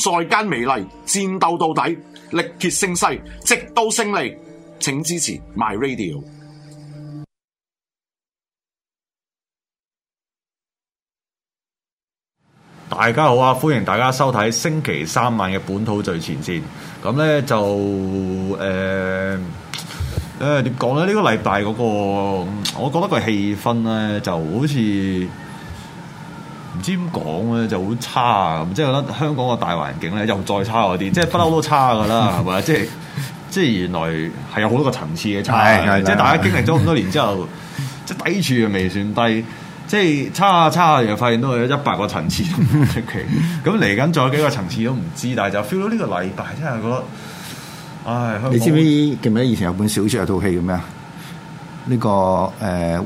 賽間美嚟，戰鬥到底，力竭聲嘶，直到勝利，請支持 My Radio。大家好啊，歡迎大家收睇星期三晚嘅本土最前線。咁咧就誒誒點講咧？呃呃、呢、呢個禮拜嗰個，我覺得個氣氛咧就好似。唔知點講咧，就好差啊。即係我覺得香港個大環境咧又再差嗰啲，即係不嬲都差噶啦，係咪 即係即係原來係有好多個層次嘅差， 即係大家經歷咗咁多年之後，即係低處又未算低，即係差下差下又發現到有一百個層次，咁嚟緊再幾個層次都唔知，但係就 feel 到呢個禮拜真係覺得，唉！你知唔知記唔記得以前有本小説有套戲叫咩啊？呢、呢個誒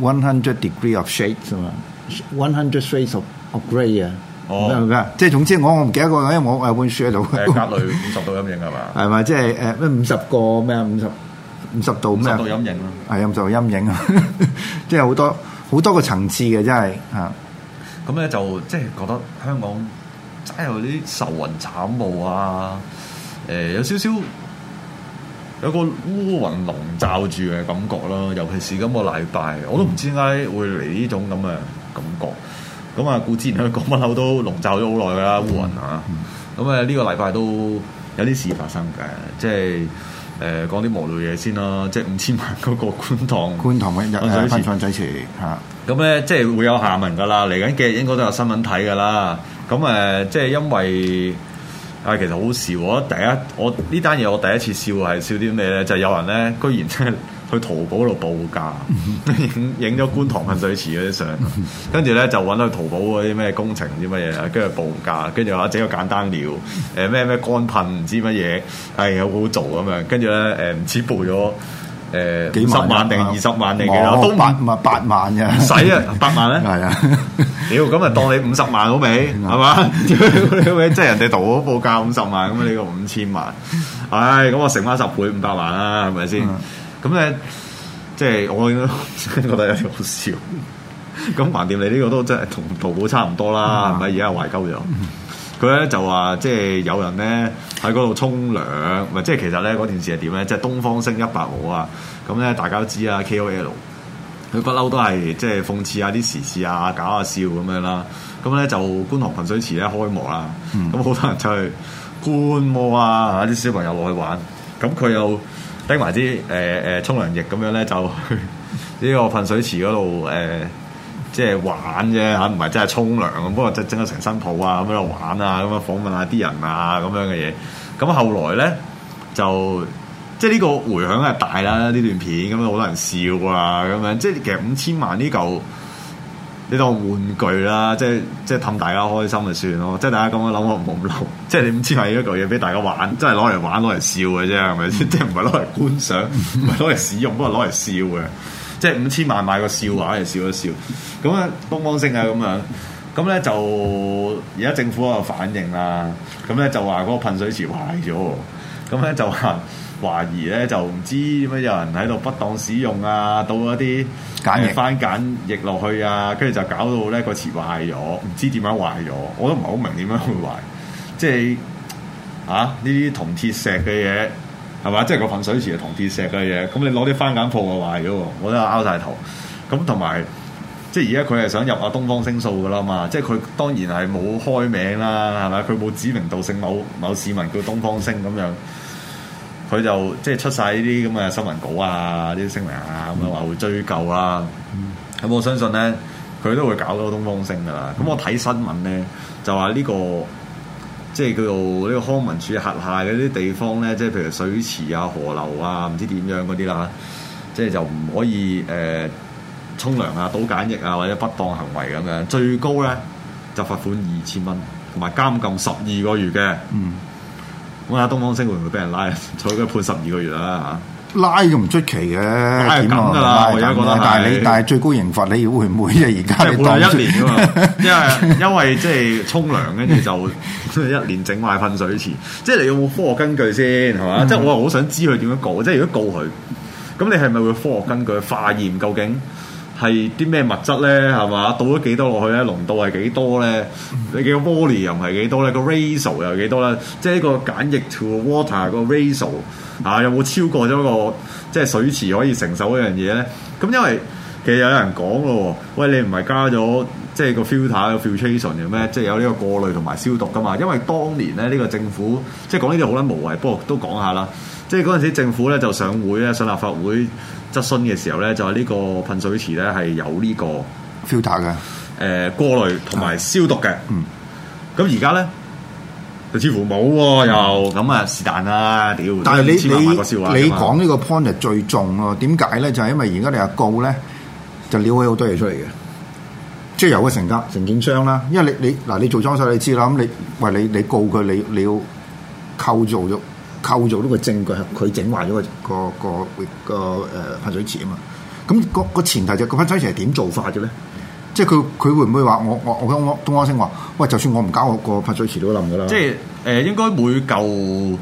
One Hundred Degree of Shades 啊？One hundred shades of grey 啊，咁即係總之我我唔記得個，因為我有本書喺度。誒度，隔里五十度陰影係嘛？係咪 即係誒咩？五十個咩啊？五十五十度咩？度陰影啊，係五十度陰影啊，即係好多好多個層次嘅，真係啊。咁咧就即係、就是、覺得香港真係有啲愁雲慘霧啊，誒、呃、有少少有個烏雲籠罩住嘅感覺啦，尤其是今個禮拜，我都唔知點解會嚟呢種咁嘅。嗯感覺咁啊，古之言去講乜？樓都籠罩咗好耐啦，烏雲啊！咁啊，呢個禮拜都有啲事發生嘅，即係誒講啲無聊嘢先咯。即、就、係、是、五千萬嗰個觀塘，觀塘有日晨晨日分仔事嚇，咁咧即係會有下文噶啦。嚟緊嘅應該都有新聞睇噶啦。咁、嗯、誒，即、就、係、是、因為啊，其實好笑，我第一我呢單嘢我第一次笑係笑啲咩咧？就係、是、有人咧，居然，居然。去淘寶度報價，影影咗觀塘噴水池嗰啲相，跟住咧就揾到淘寶嗰啲咩工程啲乜嘢，跟住報價，跟住或整個簡單料，誒咩咩干噴唔知乜嘢，係有好做咁樣，跟住咧誒唔知賠咗誒幾十萬定二十萬嚟多？都萬萬八萬嘅，使啊八萬咧，係啊，屌咁啊當你五十萬好未，係嘛？即係人哋淘寶報價五十萬咁你個五千萬，唉，咁我成翻十倍五百萬啦，係咪先？咁咧、嗯，即係我真係覺得有啲好笑。咁橫掂你呢個都真係同淘寶差唔多啦，係咪啊？而家懷舊咗。佢咧 就話，即係有人咧喺嗰度沖涼，唔即係其實咧嗰件事係點咧？即係東方昇一百毛啊！咁咧大家知 OL，都知啊，K O L。佢不嬲都係即係諷刺下啲時事啊，搞下笑咁樣啦。咁咧就觀塘噴水池咧開幕啦。咁好、嗯嗯、多人就去觀摩啊，啲小朋友落去玩。咁佢又。拎埋啲誒誒沖涼液咁樣咧，就去呢個噴水池嗰度誒，即係玩啫嚇，唔係真係沖涼。不過即係整到成身泡啊，咁喺度玩啊，咁啊訪問下啲人啊，咁樣嘅嘢。咁、啊、後來咧就即係呢個迴響係大啦，呢段片咁樣好多人笑啊，咁樣即係其實五千萬呢嚿。呢個玩具啦，即係即係氹大家開心就算咯，即係大家咁樣諗我唔好諗，即係五千萬一句嘢俾大家玩，真係攞嚟玩攞嚟笑嘅啫，係咪先？ 即係唔係攞嚟觀賞，唔係攞嚟使用，不過攞嚟笑嘅，即係五千萬買個笑話嚟笑一笑，咁啊咣咣聲啊咁啊，咁咧就而家政府有反應啦，咁咧就話嗰個噴水池壞咗，咁咧就話。懷疑咧就唔知點解有人喺度不當使用啊，倒一啲番梘，番梘是液落去啊，跟住就搞到咧個池壞咗，唔知點樣壞咗，我都唔係好明點樣會壞，即係啊呢啲銅鐵石嘅嘢係嘛，即係個噴水池係銅鐵石嘅嘢，咁你攞啲番梘泡啊壞咗喎，我都拗晒頭。咁同埋即係而家佢係想入下東方星數㗎喇嘛，即係佢當然係冇開名啦，係咪？佢冇指名道姓某某市民叫東方星咁樣。佢就即係、就是、出晒呢啲咁嘅新聞稿啊，啲聲明啊，咁啊話會追究啦、啊。咁、嗯、我相信咧，佢都會搞到個東方星噶啦。咁我睇新聞咧，就話呢、這個即係、就是、叫做呢個康文署轄下嗰啲地方咧，即、就、係、是、譬如水池啊、河流啊，唔知點樣嗰啲啦，即係就唔、是、可以誒沖涼啊、倒簡易啊或者不當行為咁樣，最高咧就罰款二千蚊，同埋監禁十二個月嘅。嗯我睇《東方星》會唔會俾人拉？坐佢判十二個月啦吓，啊、拉又唔出奇嘅、啊，係咁噶啦。我而家覺得，但係你是但係最高刑罰，你要會唔會啊？而家係判一年噶嘛？ 因為因為即係沖涼，跟住就一年整壞噴水池。即係你有冇科學根據先係嘛？即係我好想知佢點樣告。即係如果告佢，咁你係咪會科學根據化驗究竟？係啲咩物質咧？係嘛？倒咗幾多落去咧？濃度係幾多咧？你嘅 p 玻璃又唔係幾多咧？個 ratio 又幾多咧？即係呢個簡易 to water 個 ratio 嚇有冇超過咗個即係水池可以承受一樣嘢咧？咁因為其實有人講咯，喂，你唔係加咗即係個 filter 嘅 filtration 嘅咩？即係有呢個過濾同埋消毒噶嘛？因為當年咧呢、呢個政府即係講呢啲好撚無謂，不過都講下啦。即係嗰陣時政府咧就上會咧，上立法會。質詢嘅時候咧，就係、是、呢個噴水池咧係有呢、這個 filter 嘅，誒、呃、過濾同埋消毒嘅。嗯，咁而家咧，就似乎冇又咁啊是但啦，屌！但係你你你講呢個 point 係最重咯，點解咧？就係、是、因為而家你又告咧，就撩起好多嘢出嚟嘅，即、就、係、是、有個成格承建商啦。因為你你嗱，你做裝修你知啦，咁你喂你你，你告佢，你你，你要構造咗。構造呢個證據係佢整壞咗、個、個個個誒噴水池啊嘛，咁、個前提就、個噴水池係點做法嘅咧？即係佢佢會唔會話我我我東東方星話喂，就算我唔搞，我個噴水池都冧咗啦？即係誒，應該每嚿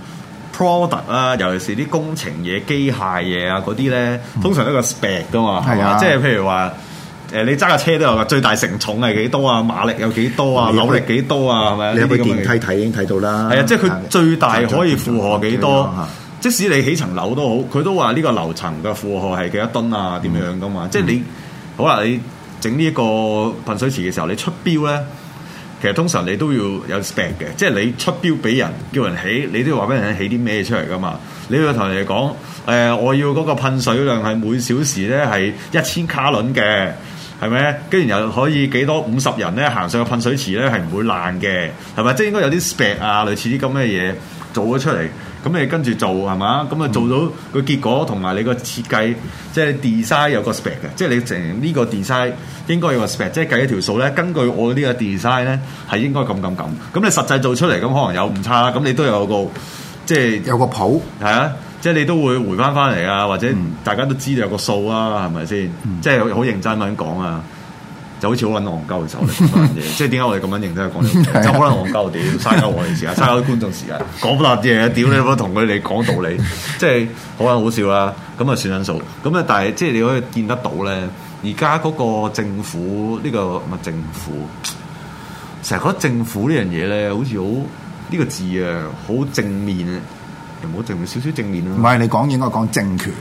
product 啊，尤其是啲工程嘢、機械嘢啊嗰啲咧，通常都一個 spec 噶嘛，係嘛？即係譬如話。誒，你揸架車都有個最大承重係幾多啊？馬力有幾多啊？扭、哦、力幾多啊？係咪有啲咁電梯睇已經睇到啦。係啊，即係佢最大可以負荷幾多？即使你起層樓都好，佢都話呢個樓層嘅負荷係幾多噸啊？點樣㗎嘛？嗯、即係你、嗯、好啦，你整呢個噴水池嘅時候，你出標咧，其實通常你都要有 spec 嘅，即係你出標俾人叫人起，你都要話俾人起啲咩出嚟㗎嘛？你要同人哋講誒，我要嗰個噴水量係每小時咧係一千卡倫嘅。係咪？跟住又可以幾多五十人咧行上去噴水池咧係唔會爛嘅，係咪？即係應該有啲 spec 啊，類似啲咁嘅嘢做咗出嚟，咁你跟住做係嘛？咁啊做到個結果同埋你個設計，即係 design 有個 spec 嘅，即係你整呢個 design 應該有個 spec，即係計一條數咧。根據我呢個 design 咧係應該咁咁咁，咁你實際做出嚟咁可能有誤差啦。咁你都有個即係有個譜係啊。即係你都會回翻翻嚟啊，或者大家都知道你有個數啊，係咪先？嗯、即係好認真咁講啊，就好似好揾戇鳩嘅時候，嚟講嘢。即係點解我哋咁樣認真去講？ 就可能戇鳩，屌嘥咗我哋時間，嘥咗啲觀眾時間，講乜嘢？屌你，我同佢哋講道理， 即係好撚好笑啦。咁啊，算數。咁啊，但係即係你可以見得到咧，而家嗰個政府呢、呢個乜政府，成日覺得政府呢樣嘢咧，好似好呢個字啊，好正面又冇證明少少正面咯，唔係你講應該講政權，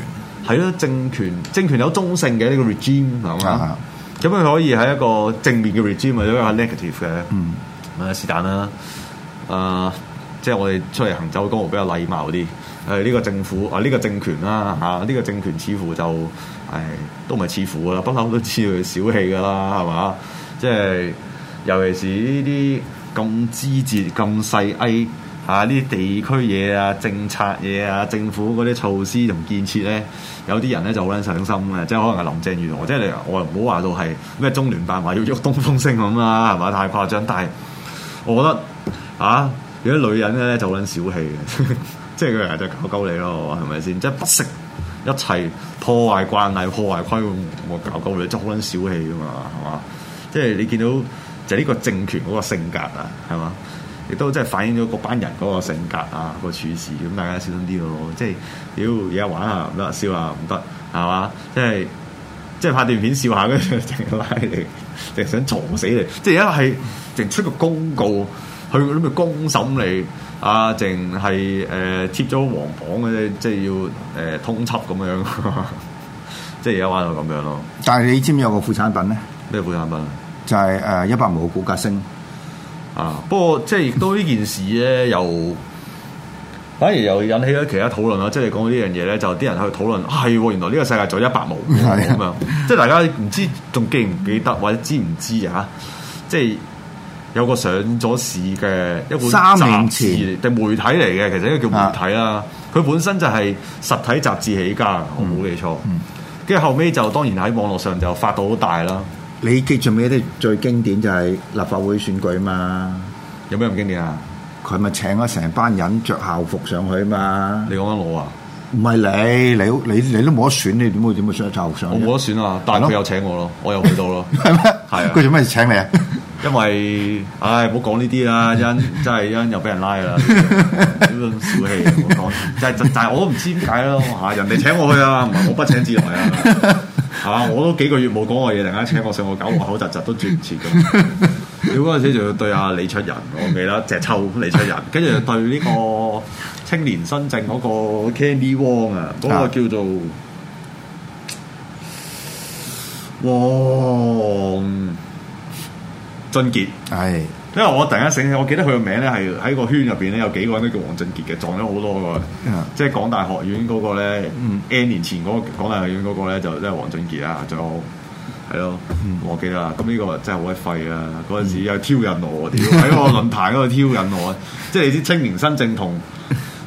係咯、啊、政權政權有中性嘅呢、這個 regime 係咪？咁佢可以喺一個正面嘅 regime，或者係 negative 嘅。嗯，是但啦。誒、嗯呃，即係我哋出嚟行走江湖比較禮貌啲。誒、呃，呢、這個政府啊，呢、呃這個政權啦嚇，呢、啊這個政權似乎就誒都唔係似乎啦，不嬲都知佢小氣㗎啦，係嘛？即係尤其是呢啲咁枝節咁細埃。啊！呢啲地區嘢啊，政策嘢啊，政府嗰啲措施同建設咧，有啲人咧就好撚上心嘅，即係可能阿林鄭月娥，即你我又唔好話到係咩中聯辦話要喐東風聲咁啦，係嘛？太誇張。但係我覺得啊，有啲女人咧就好撚小氣嘅， 即係佢哋就搞鳩你咯，係咪先？即係不惜一切破壞慣例、破壞規矩，我搞鳩你，即係好撚小氣噶嘛，係嘛？即係你見到就呢個政權嗰個性格啊，係嘛？亦都即係反映咗嗰班人嗰個性格啊，個處事，咁大家小心啲咯、啊。即係，屌而家玩下唔得，笑下唔得，係嘛？即係即係拍段片笑下，跟住淨係拉你，淨係想撞死你。即係而家係淨出個公告去咁啲咩公審嚟，啊，淨係誒貼咗黃榜嘅，啫，即係要誒、呃、通緝咁樣。啊、即係而家玩到咁樣咯。但係你知唔知有個副產品咧？咩副產品？就係誒一百毛股價升。啊！不過即係亦都呢件事咧，又反而又引起咗其他討論啦。即係講到呢樣嘢咧，就啲、是、人喺度討論係喎、啊，原來呢個世界仲有一百毛咁樣。即係大家唔知仲記唔記得或者知唔知啊？即係有個上咗市嘅一本雜誌定媒體嚟嘅，其實應該叫媒體啦。佢、啊啊、本身就係實體雜誌起家，我冇記錯。跟住、嗯嗯嗯、後尾就當然喺網絡上就發到好大啦。你記住咩？啲最經典就係立法會選舉嘛？有咩咁經典啊？佢咪請咗成班人着校服上去嘛？你講緊我啊？唔係你，你你你都冇得選，你點會點會著校服上去？我冇得選啊！但係佢又請我咯，的我又去到咯。係咩 嗎？係嗎啊！佢做咩請你啊？因為唉，唔好講呢啲啦，因真係因又俾人拉啦，咁小氣，唔好講。就就就係我都唔知點解咯嚇，人哋請我去啊，唔係我不請自來啊。 係嘛？我都幾個月冇講過嘢，突然間請我上個搞我口窒窒，都轉唔切咁。佢嗰陣時仲要對下李卓仁、那個，我未得，隻臭李卓仁。跟住對呢個青年新政嗰個 Candy Wong 啊，嗰個叫做王俊傑係。因為我突然間醒起，我記得佢個名咧係喺個圈入邊咧有幾個人都叫黃俊傑嘅，撞咗好多個，即係港大學院嗰個咧，N、嗯、年前嗰個港大學院嗰個咧就即、是、係黃俊傑啊，仲有係咯，我記得啦。咁呢個真係好鬼廢啊！嗰陣時又挑釁我，喺、嗯、個論壇嗰度挑釁我， 即係你知，青年新政同，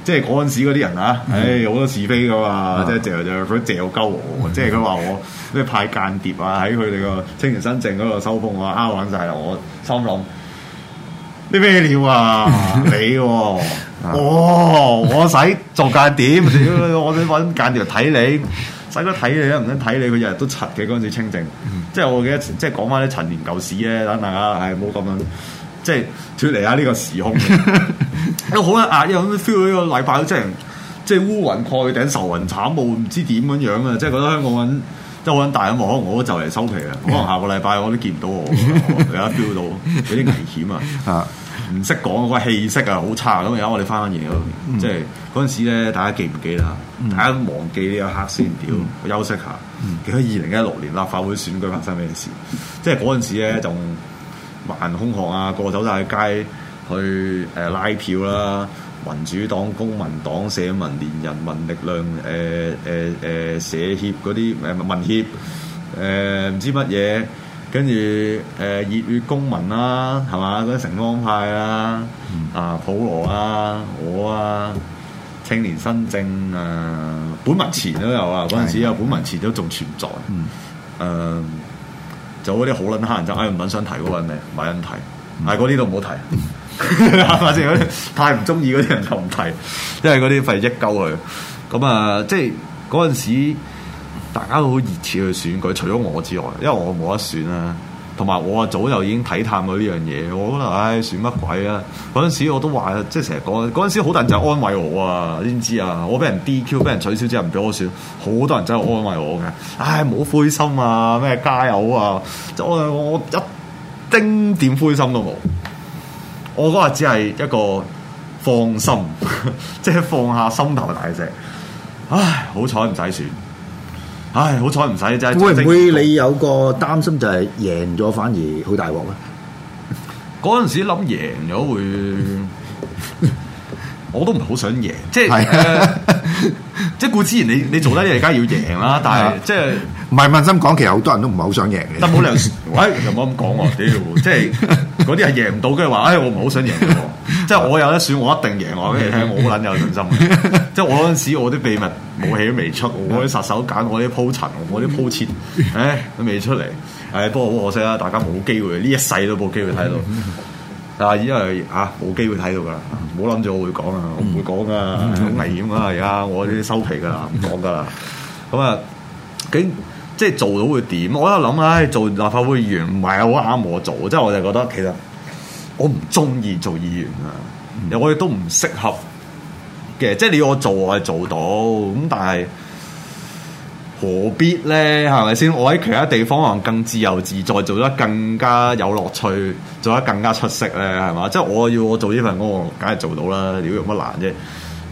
即係嗰陣時嗰啲人啊，唉、哎、好多是非噶嘛，啊、即係嚼嚼佢嚼鳩我，即係佢話我咩派間諜啊喺佢哋個青年新政嗰度收風啊，啱玩晒啦！我心諗。啲咩料啊？啊你喎、哦，哦，我使做間點？我想揾間條睇你，使得睇你啊？唔使睇你，佢日日都柒嘅嗰陣時清靜，即係我記得，即係講翻啲陳年舊事啫，等大家，係冇咁樣，即係脱離下呢個時空。有好壓，有 feel，呢個禮拜都真係即係烏雲蓋頂，愁雲慘霧，唔知點樣樣啊！即係覺得香港人。我我都揾大咁可能我就嚟收皮啦，可能下個禮拜我都見唔到我，大家 feel 到，有啲危險啊！唔識講，個氣息啊好差咁，而家我哋翻緊嘢，嗯、即係嗰陣時咧，大家記唔記得啊？大家都忘記呢一刻先屌，休息下。其實二零一六年立法會選舉發生咩事，即係嗰陣時咧，就萬人空巷啊，過走晒街去誒、呃、拉票啦。嗯民主黨、公民黨、社民連、人民力量、誒誒誒社協嗰啲文民協唔、呃、知乜嘢，跟住誒熱血公民啦、啊，係嘛嗰啲城邦派啦、啊，嗯、啊普羅啊，我啊青年新政啊，本民前都有啊，嗰陣時有本民前都仲存在，誒做嗰啲好撚慳就嗌唔揾新提嗰個咩，買新題，但係嗰啲都唔好提。嗯 反正嗰啲太唔中意嗰啲人就唔提，因為嗰啲費力鳩佢。咁啊，即係嗰陣時，大家都好熱切去選舉，除咗我之外，因為我冇得選啦。同埋我啊，我早就已經體探過呢樣嘢。我覺得唉選乜鬼啊？嗰陣時我都話，即係成日講。嗰陣時好多人就安慰我啊，你知唔知啊？我俾人 DQ，俾人取消之後唔俾我選，好多人真係安慰我嘅。唉，冇灰心啊，咩加油啊！即係我我一丁點灰心都冇。我嗰日只係一個放心， 即係放下心頭大石。唉，好彩唔使算，唉，好彩唔使真係。會唔會你有個擔心就係贏咗反而好大鑊咧？嗰陣時諗贏咗會， 我都唔係好想贏，即係、 呃、即係顧之然你，你你做得嘢梗係要贏啦，但係即係。唔係問心講，其實好多人都唔係好想贏嘅。但冇理由誒，又冇咁講喎。屌，即係嗰啲係贏唔到，跟住話誒，我唔係好想贏喎。 即係我有得選，我一定贏，我跟你睇我好撚有信心。 即係我嗰陣時，我啲秘密武器都未出，我啲殺手鐧，我啲鋪陳，我啲鋪設，誒、 哎、都未出嚟。誒、哎，不過好可惜啦，大家冇機會，呢一世都冇機會睇到。但 啊，因為啊，冇機會睇到噶啦，唔好諗住我會講啊，我唔會講噶，危險啊，而家我啲收皮噶啦，唔講噶啦。咁啊，究竟？即係做到會點？我喺度諗啊，做立法會議員唔係好啱我做，即係我就覺得其實我唔中意做議員啊，嗯、我亦都唔適合嘅。即係你要我做，我係做到，咁但係何必咧？係咪先？我喺其他地方可能更自由自在，做得更加有樂趣，做得更加出色咧，係嘛？即係我要我做呢份工，我梗係做到啦，你要用乜難啫？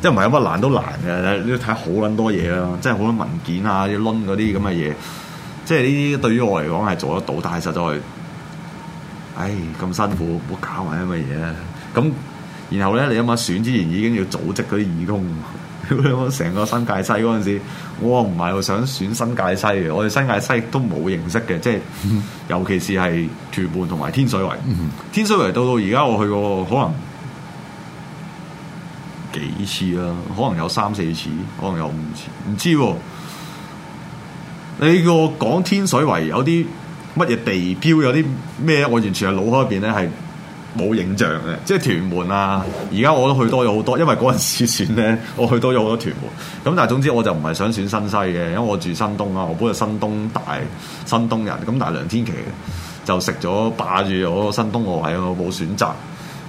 即係唔係有乜難都難嘅，你要睇好撚多嘢啦，即係好多文件啊，要攆嗰啲咁嘅嘢。即係呢啲對於我嚟講係做得到，但係實在係，唉咁辛苦，冇搞埋啲乜嘢。咁然後咧，你諗下選之前已經要組織嗰啲義工，成個新界西嗰陣時，我唔係我想選新界西嘅，我哋新界西都冇認識嘅，即係尤其是係屯門同埋天水圍。天水圍到到而家我去過可能幾次啦、啊？可能有三四次，可能有五次，唔知、啊。你個講天水圍有啲乜嘢地標，有啲咩？我完全係腦海入邊咧係冇影像嘅，即係屯門啊。而家我都去多咗好多，因為嗰陣時選咧，我去多咗好多屯門。咁但係總之，我就唔係想選新西嘅，因為我住新東啦，我本嚟新東大新東人。咁但係梁天琦就食咗霸住我個新東我位，我冇選擇。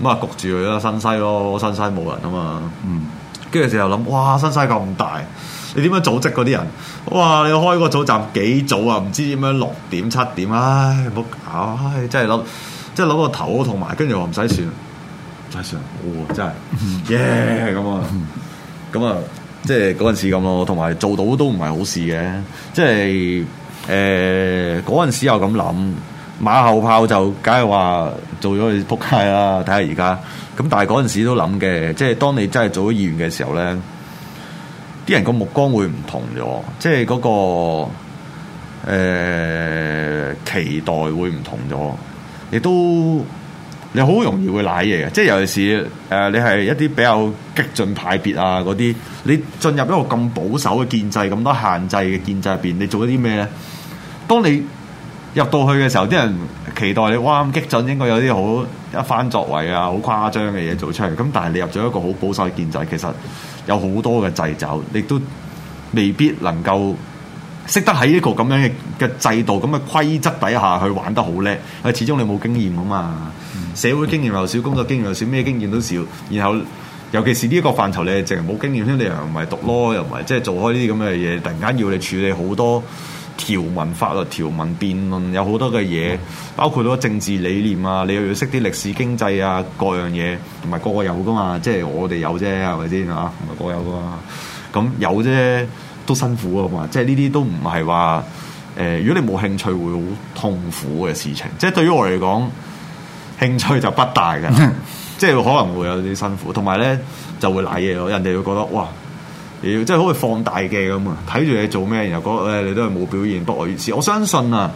咁啊，焗住佢啦，新西咯，新西冇人啊嘛。嗯，跟住就又諗，哇，新西咁大，你點樣組織嗰啲人？哇，你開個早站幾早啊？唔知點樣六點七點、哎哎、啊？唔好搞，真係諗，即係諗個頭都痛埋。跟住我唔使算，唔使算，哇，真係，耶，係咁啊，咁啊， 啊，即係嗰陣時咁咯。同埋做到都唔係好事嘅，即係誒，嗰、呃、陣時又咁諗。馬後炮就梗係話做咗去撲街啦！睇下而家咁，但係嗰陣時都諗嘅，即係當你真係做咗議員嘅時候咧，啲人個目光會唔同咗，即係嗰、個、呃、期待會唔同咗，亦都你好容易會舐嘢嘅。即係尤其是誒、呃，你係一啲比較激進派別啊嗰啲，你進入一個咁保守嘅建制、咁多限制嘅建制入邊，你做咗啲咩咧？當你入到去嘅時候，啲人期待你，哇！咁激進，應該有啲好一番作為啊，好誇張嘅嘢做出嚟。咁但係你入咗一個好保守嘅建制，其實有好多嘅掣肘，你都未必能夠識得喺一個咁樣嘅嘅制度、咁嘅規則底下去玩得好叻。因為始終你冇經驗啊嘛，社會經驗又少，工作經驗又少，咩經驗都少。然後尤其是呢個範疇你淨係冇經驗，你又唔係讀咯，嗯、又唔係即係做開呢啲咁嘅嘢，突然間要你處理好多。條文法律條文辯論有好多嘅嘢，包括到政治理念啊，你又要識啲歷史經濟啊，各樣嘢，同埋個個有㗎嘛，即係我哋有啫，係咪先啊？同埋個有㗎嘛，咁、嗯嗯、有啫都辛苦啊嘛，即係呢啲都唔係話誒，如果你冇興趣會好痛苦嘅事情，即係對於我嚟講興趣就不大㗎，即係可能會有啲辛苦，同埋咧就會賴嘢咯，人哋會覺得哇～即係好似放大鏡咁啊，睇住你做咩，然後覺得誒、哎，你都係冇表現不外如是。我相信啊，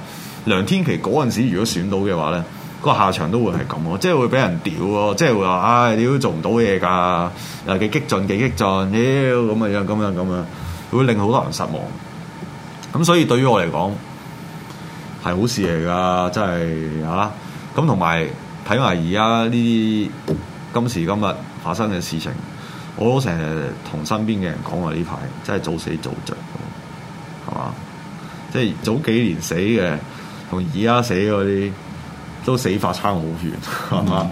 梁天琦嗰陣時如果選到嘅話咧，嗰、那個下場都會係咁喎，即係會俾人屌喎，即係話唉，你都做唔到嘢㗎，又幾激進幾激進，屌咁啊樣咁樣咁啊，會令好多人失望。咁所以對於我嚟講係好事嚟㗎，真係嚇。咁同埋睇埋而家呢啲今時今日發生嘅事情。我成日同身邊嘅人講話呢排真係早死早着。係嘛？即係早幾年死嘅，同而家死嗰啲都死法差好遠，係嘛？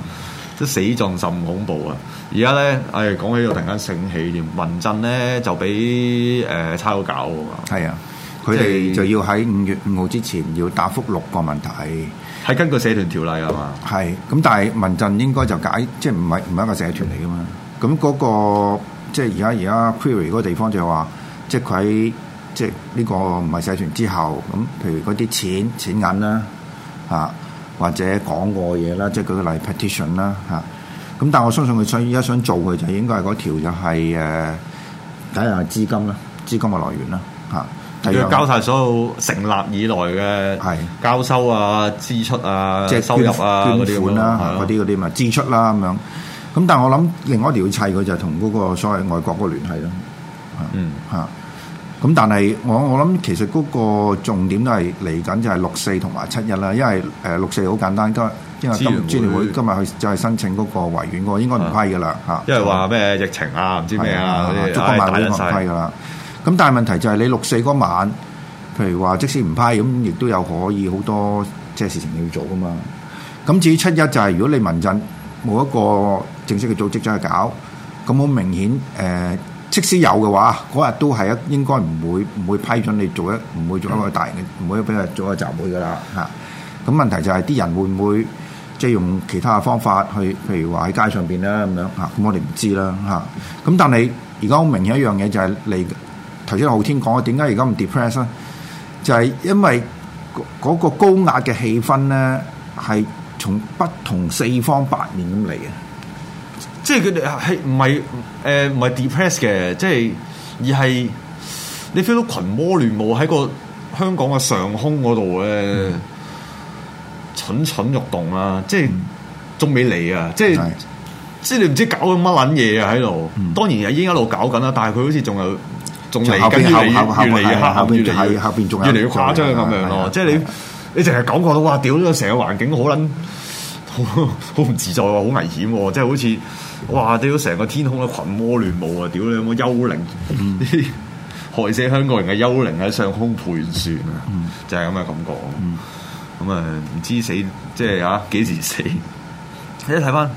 即係、嗯、死狀甚恐怖、哎呃、啊！而家咧，誒講起又突然間醒起，連民陣咧就俾誒差好搞喎。係啊，佢哋就要喺五月五號之前要答覆六個問題，係根據社團條例啊嘛。係咁，但係民陣應該就解，即係唔係唔係一個社團嚟噶嘛？咁嗰、那個即係而家而家 query 嗰個地方就係話，即係佢喺即係呢個唔係社團之後，咁譬如嗰啲錢錢銀啦，嚇、啊、或者講過嘢啦，即係舉個例 petition 啦，嚇、啊。咁但我相信佢想而家想做嘅就應該係嗰條就係、是啊、第一下資金啦，資金嘅來源啦，嚇、啊。要交晒所有成立以來嘅係交收啊、的支出啊、即係是 收入啊、捐，捐款啦、啊、嗰啲嗰啲咪支出啦咁樣。咁但係我諗另外一條要砌佢就係同嗰個所謂外國個聯繫咯，嗯吓，咁、啊、但係我我諗其實嗰個重點都係嚟緊就係六四同埋七一啦，因為誒、呃、六四好簡單，因為支聯會今日去就係申請嗰個維園個應該唔批噶啦吓，因為話咩疫情啊唔知咩啊，足、呃、不批噶啦，咁但係問題就係你六四嗰晚，譬如話即使唔批咁，亦都有可以好多即係事情要做噶嘛，咁至於七一就係如果你民陣。冇一個正式嘅組織走去搞，咁好明顯誒，即使有嘅話，嗰日都係一應該唔會唔會批准你做一唔會做一個大型嘅，唔會俾佢做一個集會㗎啦嚇。咁問題就係啲人會唔會即係用其他嘅方法去，譬如話喺街上邊啦咁樣嚇，咁我哋唔知啦嚇。咁但係而家好明顯一樣嘢就係你頭先浩天講啊，點解而家唔 depress 啊？就係因為嗰個高壓嘅氣氛咧係。從不同四方八面咁嚟嘅，即係佢哋係唔係誒唔係 depressed 嘅，即係而係你 feel 到群魔亂舞喺個香港嘅上空嗰度咧蠢蠢欲動啊！即係仲未嚟啊！即係即係你唔知搞緊乜撚嘢啊喺度，當然已經一路搞緊啦，但係佢好似仲有仲嚟緊越嚟越黑，後邊仲係後邊仲係越嚟越誇張咁樣咯，即係你。你淨係感覺到哇，屌咗成個環境好撚好唔自在喎，好危險喎，即係好似哇屌成個天空嘅群魔亂舞啊！屌你有冇幽靈、嗯？害死香港人嘅幽靈喺上空盤旋啊！嗯、就係咁嘅感覺。咁啊唔知死，即係啊幾時死？你一睇翻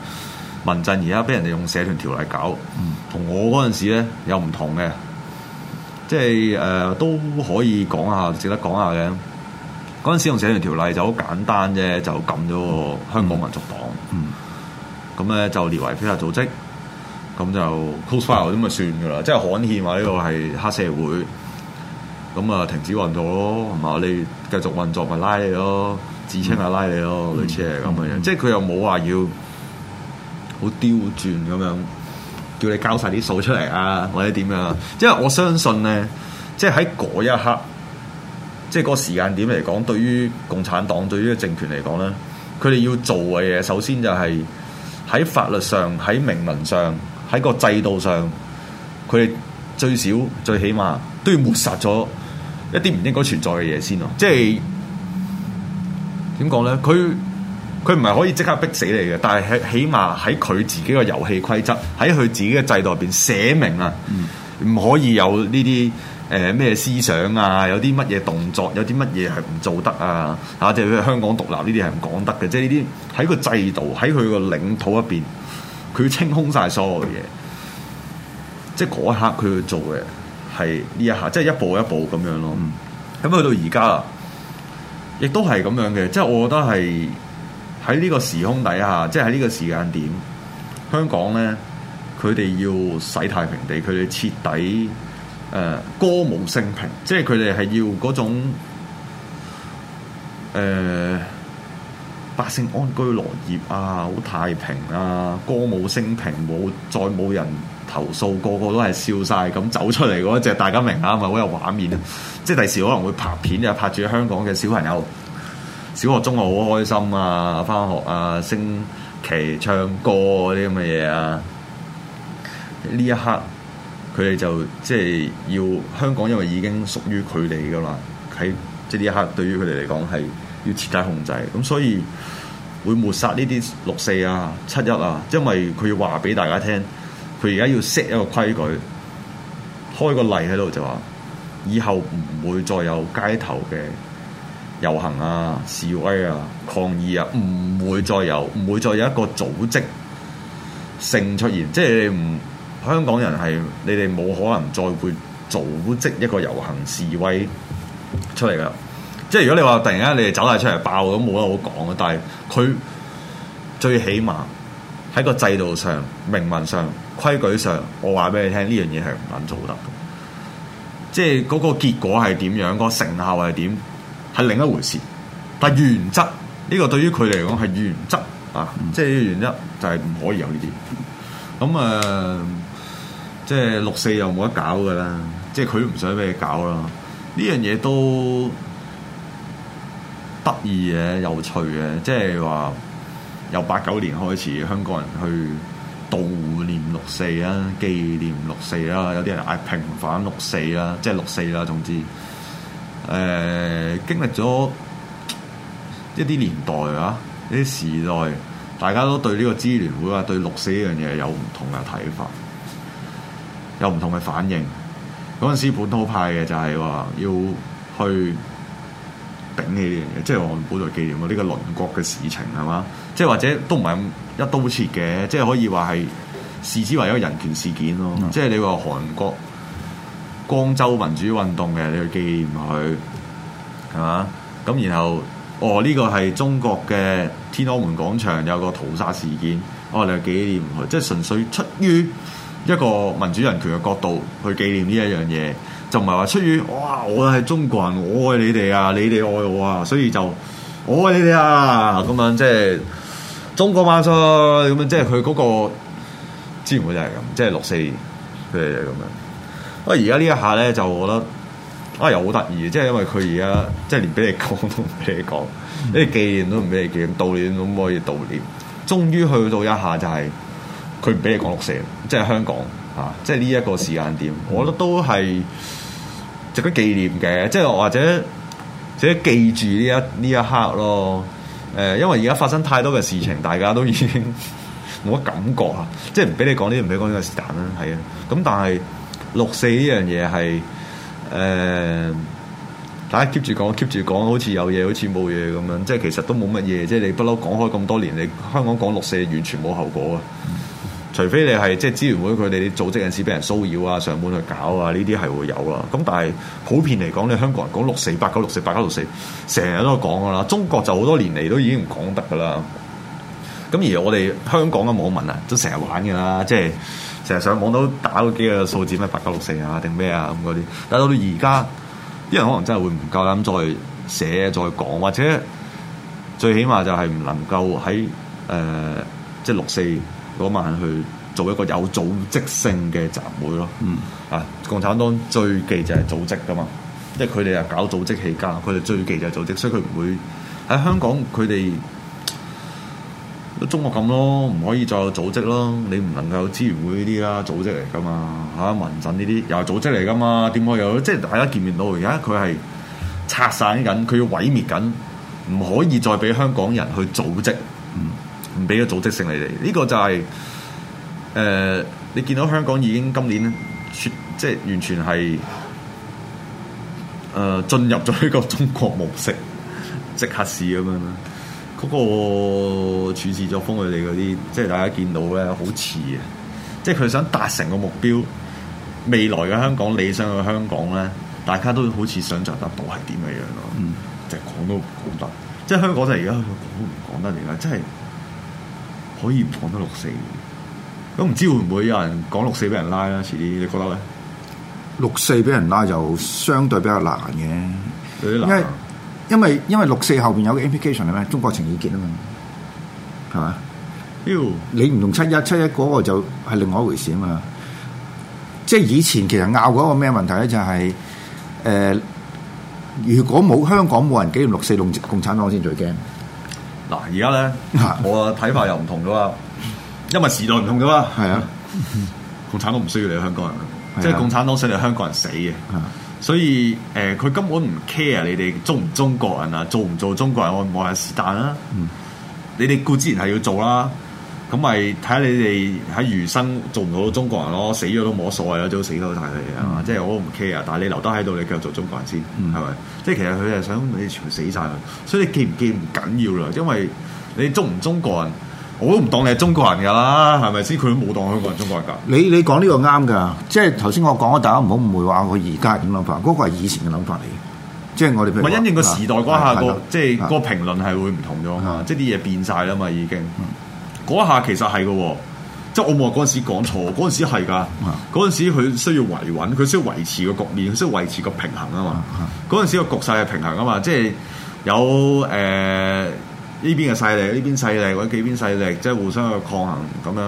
民陣而家俾人哋用社團條例搞，我同我嗰陣時咧有唔同嘅，即係誒、呃、都可以講下，值得講下嘅。嗰陣使用《社團條例》就好簡單啫，就禁咗個香港民族黨，咁咧、嗯、就列為非法組織，咁就 close file 咁就算噶啦，即係刊憲話呢個係黑社會，咁啊停止運作咯，係嘛？你繼續運作咪拉你咯，自稱下拉你咯，嗯、類似係咁嘅樣，即係佢又冇話要好刁鑽咁樣叫你交晒啲數出嚟啊，或者點樣？即係我相信咧，即係喺嗰一刻。即係個時間點嚟講，對於共產黨對於政權嚟講咧，佢哋要做嘅嘢，首先就係喺法律上、喺明文上、喺個制度上，佢哋最少、最起碼都要抹殺咗一啲唔應該存在嘅嘢先咯。即係點講咧？佢佢唔係可以即刻逼死你嘅，但係起起碼喺佢自己個遊戲規則，喺佢自己嘅制度入邊寫明啊，嗯，唔可以有呢啲。誒咩、呃、思想啊？有啲乜嘢動作？有啲乜嘢係唔做得啊？嚇、啊！即係香港獨立呢啲係唔講得嘅，即係呢啲喺個制度喺佢個領土入邊，佢要清空晒所有嘢。即係嗰一刻佢去做嘅係呢一下，即、就、係、是、一步一步咁樣咯。咁、嗯、去、嗯、到而家啊，亦都係咁樣嘅。即係我覺得係喺呢個時空底下，即係喺呢個時間點，香港咧，佢哋要洗太平地，佢哋徹底。誒，歌舞升平，即係佢哋係要嗰種誒、呃，百姓安居樂業啊，好太平啊，歌舞升平，冇再冇人投訴，個個都係笑晒咁走出嚟嗰一隻，大家明啊，咪好有畫面啊！即係第時可能會拍片啊，拍住香港嘅小朋友，小學中學好開心啊，返學啊，升旗唱歌嗰啲咁嘅嘢啊，呢一刻。佢哋就即係要香港，因為已經屬於佢哋噶嘛。喺即係呢一刻對於佢哋嚟講係要徹底控制，咁所以會抹殺呢啲六四啊、七一啊，因為佢要話俾大家聽，佢而家要 set 一個規矩，開個例喺度就話，以後唔會再有街頭嘅遊行啊、示威啊、抗議啊，唔會再有，唔會再有一個組織性出現，即係你唔。香港人係，你哋冇可能再會組織一個遊行示威出嚟噶，即係如果你話突然間你哋走晒出嚟爆都冇得好講啊！但係佢最起碼喺個制度上、明文上、規矩上，我話俾你聽呢樣嘢係唔能做得。即係嗰個結果係點樣，嗰個成效係點，係另一回事。但係原則呢、呢個對於佢嚟講係原則、嗯、啊，即係呢個原則就係唔可以有呢啲。咁、嗯、誒。呃即係六四又冇得搞噶啦，即係佢唔想俾你搞咯。呢樣嘢都得意嘅，有趣嘅。即係話由八九年開始，香港人去悼念六四啦，紀念六四啦，有啲人嗌平反六四啦，即係六四啦。總之，誒、呃、經歷咗一啲年代啊，一啲時代，大家都對呢個支聯會啊，對六四呢樣嘢有唔同嘅睇法。有唔同嘅反應，嗰陣時本土派嘅就係話要去頂起呢樣嘢，即係我唔好再紀念我呢個鄰國嘅事情係嘛？即係或者都唔係咁一刀切嘅，即係可以話係視之為一個人權事件咯。嗯、即係你話韓國光州民主運動嘅，你去紀念佢係嘛？咁然後哦呢個係中國嘅天安門廣場有個屠殺事件，哦，你去紀念佢，即係純粹出於，一個民主人權嘅角度去紀念呢一樣嘢，就唔係話出於哇，我係中國人，我愛你哋啊，你哋愛我啊，所以就我愛你哋啊咁樣，即係中國萬歲咁樣，即係佢嗰個姿態就係咁，即係六四佢哋咁樣。啊，而家呢一下咧，就我覺得啊、哎，又好得意即係因為佢而家即係連俾你講都唔俾你講，你紀念都唔俾你紀念，悼念都唔可以悼念，終於去到一下就係、是。佢唔俾你講六四，即係香港啊，即係呢一個時間點，我覺得都係值得紀念嘅，即係或者值得記住呢一呢一刻咯。誒、呃，因為而家發生太多嘅事情，大家都已經冇 乜感覺啊，即係唔俾你講呢，唔俾講呢個時間啦，係啊。咁但係六四呢樣嘢係誒，大家 keep 住講，keep 住講，好似有嘢，好似冇嘢咁樣，即係其實都冇乜嘢。即係你不嬲講開咁多年，你香港講六四完全冇後果啊。嗯。除非你係即係支援會，佢哋啲組織陣時俾人騷擾啊，上門去搞啊，呢啲係會有啦。咁但係普遍嚟講你香港人講六四、八九六四、八九六四，成日都講噶啦。中國就好多年嚟都已經唔講得噶啦。咁而我哋香港嘅網民啊，都成日玩噶啦，即係成日上網都打嗰幾個數字咩八九六四啊，定咩啊咁嗰啲。但係到到而家，啲人可能真係會唔夠膽再寫再講，或者最起碼就係唔能夠喺誒、呃、即係六四。嗰晚去做一個有組織性嘅集會咯，嗯、啊！共產黨最忌就係組織噶嘛，即係佢哋又搞組織起家，佢哋最忌就係組織，所以佢唔會喺、啊、香港佢哋、嗯、中國咁咯，唔可以再有組織咯，你唔能夠有支援會呢啲啦，組織嚟噶嘛嚇、啊，民陣呢啲又係組織嚟噶嘛，點可以有？即係大家見面到而家佢係拆散緊，佢要毀滅緊，唔可以再俾香港人去組織。嗯唔俾個組織性你哋，呢個就係，誒，你見到香港已經今年全全即係完全係誒進入咗呢個中國模式，即刻試咁樣啦。嗰個處事作風佢哋嗰啲，即係大家見到咧，好似啊，即係佢想達成個目標，未來嘅香港理想嘅香港咧，大家都好似想像得到係點嘅樣咯。嗯，就講都唔講得，即係香港就而家講都唔講得點解，即係。可以唔講得六四嘅，咁唔知會唔會有人講六四俾人拉啦？遲啲你覺得咧？六四俾人拉就相對比較難嘅，因為因為因為六四後邊有個 implication 係咩？中國情意結啊嘛，係嘛？呦你唔同七一七一嗰個就係另外一回事啊嘛。即係以前其實拗過一個咩問題咧，就係、是、誒、呃，如果冇香港冇人紀念六四，共共產黨先最驚。嗱，而家咧， 我睇法又唔同咗啦，因為時代唔同噶嘛。係啊，共產黨唔需要你香港人， 即係共產黨想你香港人死嘅。 所以誒，佢、呃、根本唔 care 你哋中唔中國人啊，做唔做中國人我冇眼是但啦。你哋固之然係要做啦。咁咪睇下你哋喺餘生做唔做到中國人咯？死咗都冇所謂啦，都死都晒。佢哋即係我唔 care，但係你留得喺度，你繼續做中國人先，係咪？即係其實佢係想你全死晒佢，所以你記唔記唔緊要啦。因為你中唔中國人，我都唔當你係中國人㗎啦，係咪先？佢都冇當香港人、中國人㗎。你你講呢個啱㗎，即係頭先我講啊，大家唔好誤會話我而家係點諗法，嗰個係以前嘅諗法嚟嘅。即係我哋，因應個時代關下個，即係個評論係會唔同咗，即係啲嘢變晒啦嘛，已經。嗰下其實係嘅，即係我冇話嗰陣時講錯，嗰陣時係㗎。嗰時佢需要維穩，佢需要維持個局面，佢需要維持個平衡啊嘛。嗰陣時個局勢係平衡啊嘛，即係有誒呢、呃、邊嘅勢力，呢邊勢力或者幾邊勢力，即係互相去抗衡咁樣，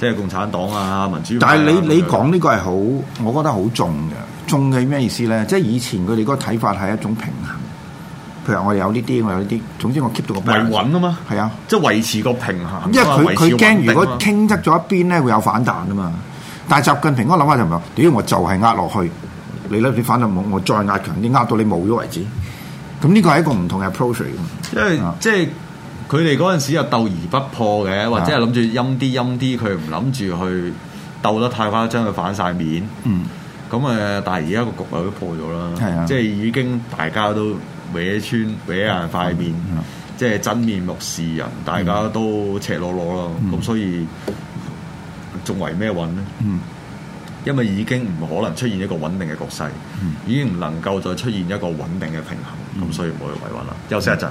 即係共產黨啊、民主黨啊。但係你你講呢個係好，我覺得好重嘅，重係咩意思咧？即係以前佢哋嗰個睇法係一種平衡。譬如我有呢啲，我有呢啲，總之我 keep 到個維穩啊嘛，係啊，即係維持個平衡。因為佢佢驚，如果傾側咗一邊咧，會有反彈啊嘛。但係習近平，我諗下就唔係，屌我就係壓落去，你咧你反到冇，我再壓強啲，壓到你冇咗為止。咁呢個係一個唔同嘅 approach 嚟嘅，因為即係佢哋嗰陣時又鬥而不破嘅，或者係諗住陰啲陰啲，佢唔諗住去鬥得太誇張，佢反晒面。嗯，咁誒，但係而家個局又都破咗啦，係啊，即係已經大家都。搲穿搲爛塊面，嗯、即係真面目示人，大家都赤裸裸咯。咁、嗯、所以仲維咩穩呢？嗯、因為已經唔可能出現一個穩定嘅局勢，嗯、已經唔能夠再出現一個穩定嘅平衡。咁、嗯、所以唔好去維穩啦。嗯、休息一陣。